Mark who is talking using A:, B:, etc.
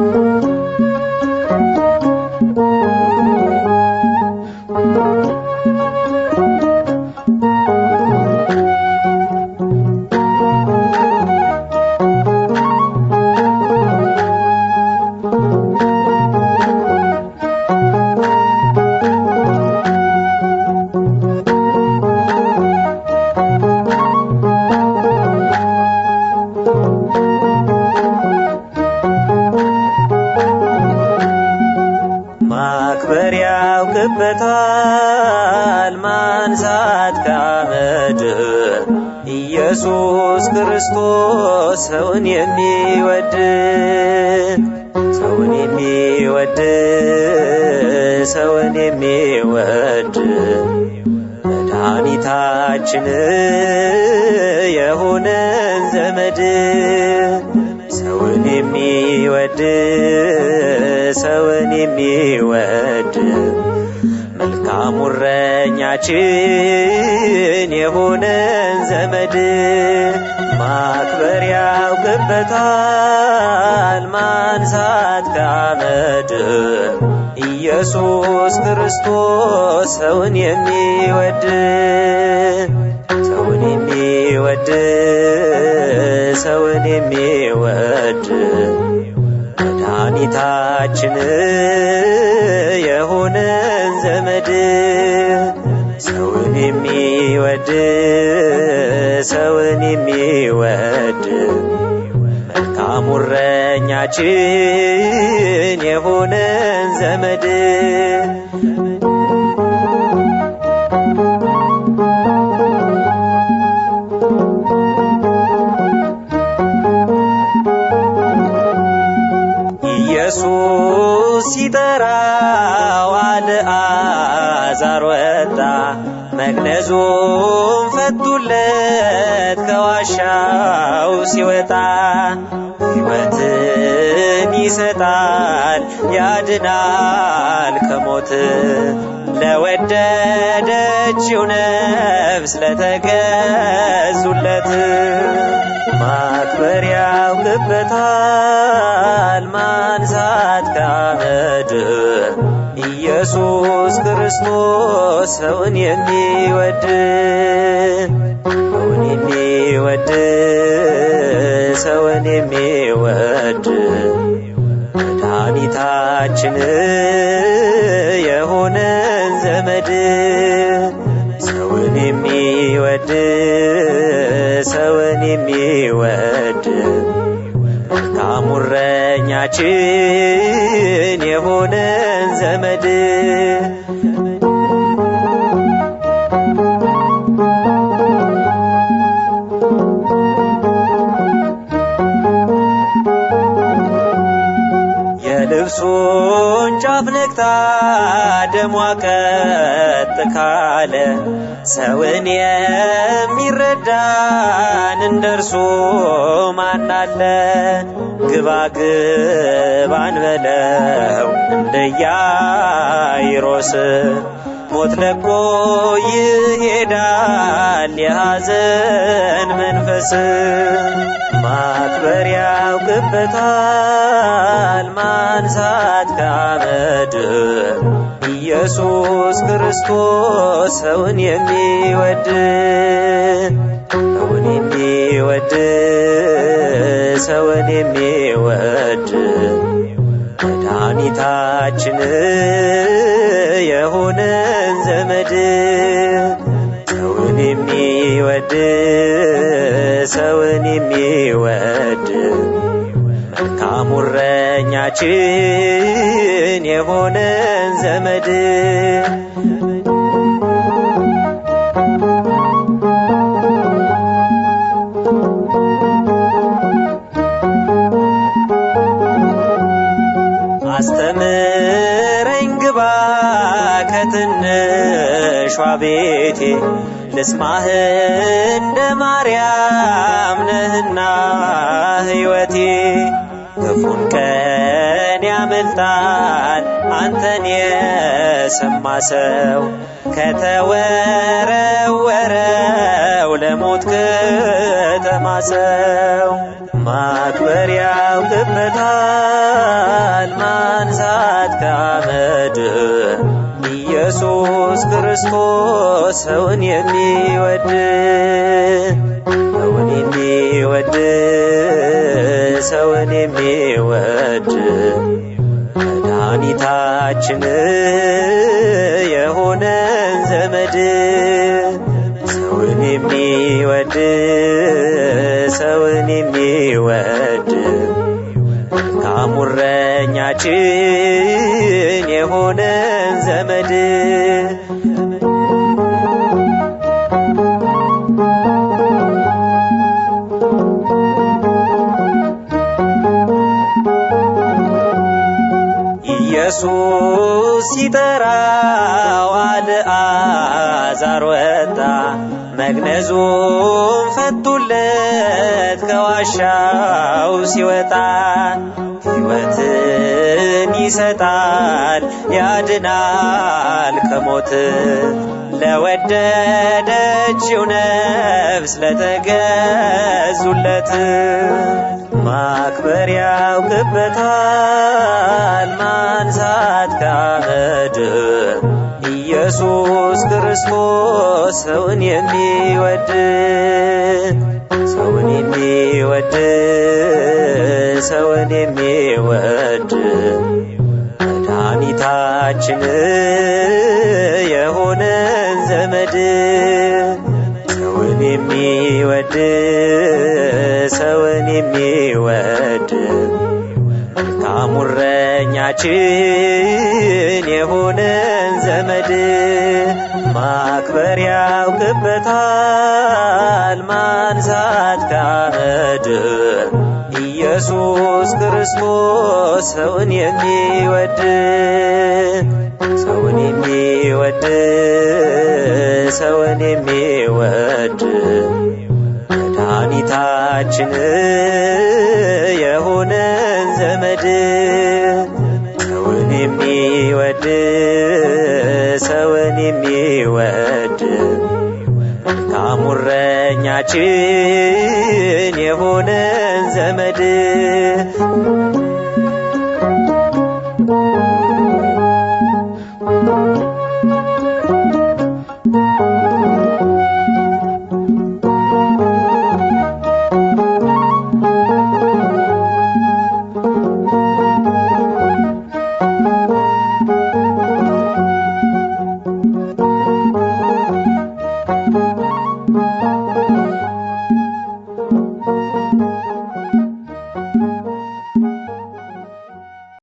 A: Thank you. ይኖርበታል ማንሳት ከአመድ ኢየሱስ ክርስቶስ ሰውን የሚወድ ሰውን የሚወድ ሰውን የሚወድ መድኃኒታችን የሆነን ዘመድ ሰውን የሚወድ ሰውን የሚወድ መልካሙ እረኛችን የሆነን ዘመድ ማክበር ያውቅበታል ማንሳት ከአመድ ኢየሱስ ክርስቶስ ሰውን የሚወድ ሰውን የሚወድ ሰውን የሚወድ መድኃኒታችን የሆነን ዘመድ ሰውን የሚወድ ሰውን የሚወድ መልካሙ እረኛችን የሆነን ዘመድ ኢየሱስ ሲጠራው አልዓዛር ወጣ፣ መግነዙም ፈቱለት ከዋሻው ሲወጣ ሕይወትን ይሰጣል ያድናል ከሞት ለወደደችው ነፍስ ለተገዙለት ማክበር ያውቅበታል ማንሳት ከአመድ ኢየሱስ ክርስቶስ ሰውን የሚወድ ሰውን የሚወድ ሰውን የሚወድ መድኃኒታችን የሆነን ዘመድ ሰውን የሚወድ ሰውን የሚወድ ታሙረኛችን የሆነ የሆነን ዘመድ ልብሱን ጫፍ ነክታ ደሟ ቀጥ ካለ ሰውን የሚረዳን እንደ እርሱ ማናለ? ግባ ግባን በለው እንደያይሮስ ሞት ለቆ ይሄዳል የሐዘን መንፈስ ማክበሪያ ያውቅበታል ማንሳት ከአመድ ኢየሱስ ክርስቶስ ሰውን የሚወድ ሰውን የሚወድ ሰውን የሚወድ መድኃኒታችን የሆነን ዘመድ ሰውን የሚወድ ሰውን የሚወድ መልካሙ እረኛችን የሆነን ዘመድ አስተምረኝ ግባ ከትንሿ ቤቴ ልስማህ እንደ ማርያም ነህና ሕይወቴ ክፉን ቀን ያመልጣል አንተን የሰማ ሰው ከተወረወረው ለሞት ከተማ ሰው ማክበሪያው ያውቅበታል ማንሳት ካመድ ኢየሱስ ክርስቶስ ሰውን የሚወድ ሰውን የሚወድ ሰውን የሚወድ መድኃኒታችን የሆነን ዘመድ ሰውን የሚወድ እረኛችን የሆነን ዘመድ ኢየሱስ ሲጠራው አልዓዛር ወጣ፣ መግነዙን ፈቱለት ከዋሻው ሲወጣ ሕይወትን ይሰጣል ያድናል ከሞት ለወደደችው ነፍስ ለተገዙለት ማክበር ያውቅበታል ማንሳት ካህድ ኢየሱስ ክርስቶስ ሰውን የሚወድ ሰውን የሚወድ ሰውን የሚወድ መድኃኒታችን የሆነን ዘመድ ሰውን የሚወድ ሰውን የሚወድ መልካሙ እረኛችን የሆነን ዘመድ ማክበር ያውቅበታል ማንሳት ካህድን ኢየሱስ ክርስቶስ ሰውን የሚወድ ሰውን የሚወድ ሰውን የሚወድ መድኃኒታችን የሆነን ዘመድ ሰውን የሚወድ ሰውን የሚወድ መልካሙ እረኛችን የሆነን ዘመድ